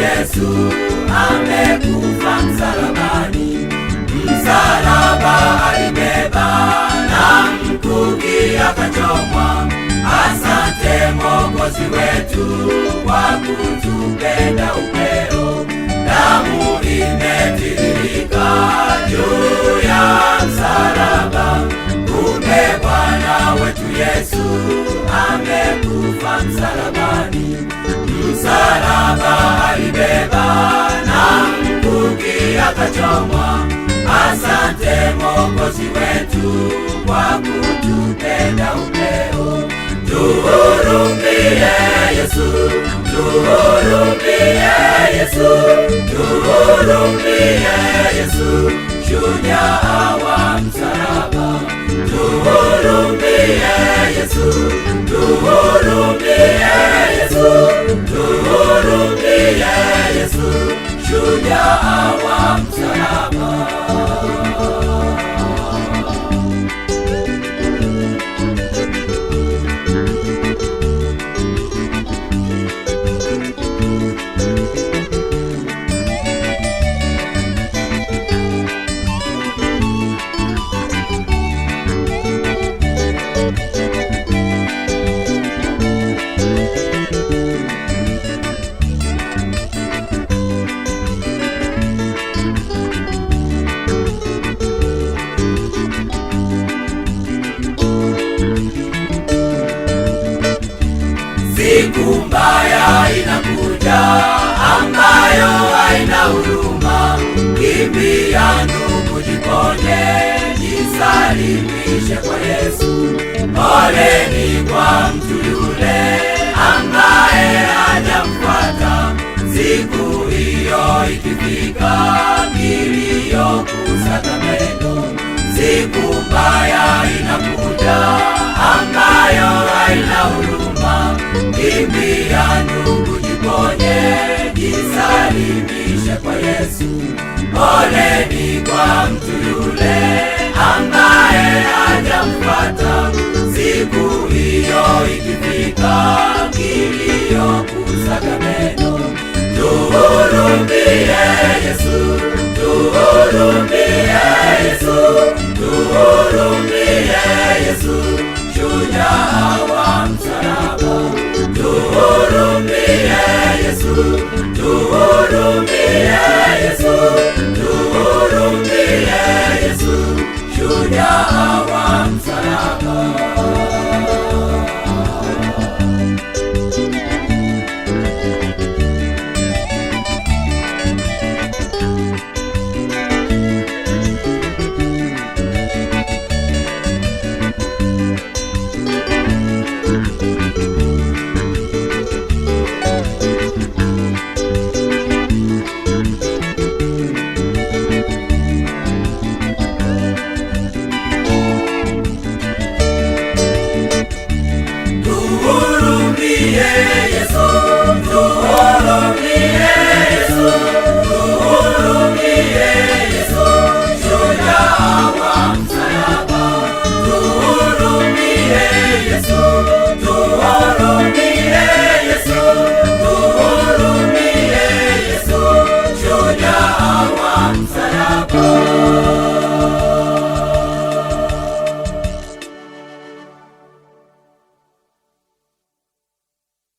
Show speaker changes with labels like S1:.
S1: Yesu amekufa msalabani, msalaba alibeba na mkuki akachomwa. Asante Mwokozi wetu kwa kutupenda upeo, damu imetiririka juu ya msalaba. Kumbe Bwana wetu Yesu amekufa msalabani, msalaba alibeba na mkuki akachomwa. Asante Mwokozi wetu kwa kututenda upeo. Tuhurumie Yesu, tuhurumie Yesu, tuhurumie Yesu, shujaa wa msalaba. Tuhurumie Yesu, tuhurumie Yesu juu ya awa mbaya inakuja ambayo haina huruma. Kimbia ndugu, jipone, jisalimishe kwa Yesu. Poleni kwa mtu yule ambaye hajamfuata. Siku hiyo ikifika, milio, kusaga meno. Siku mbaya inakuja ambayo haina huruma Kimbia ya ndugu jiponye, jisalimishe kwa Yesu. Poleni kwa mtu yule ambaye hajamfuata. Siku hiyo ikifika, kilio kusaga meno. Tuhurumie Yesu, tuhurumie Yesu, tuhurumie Papa.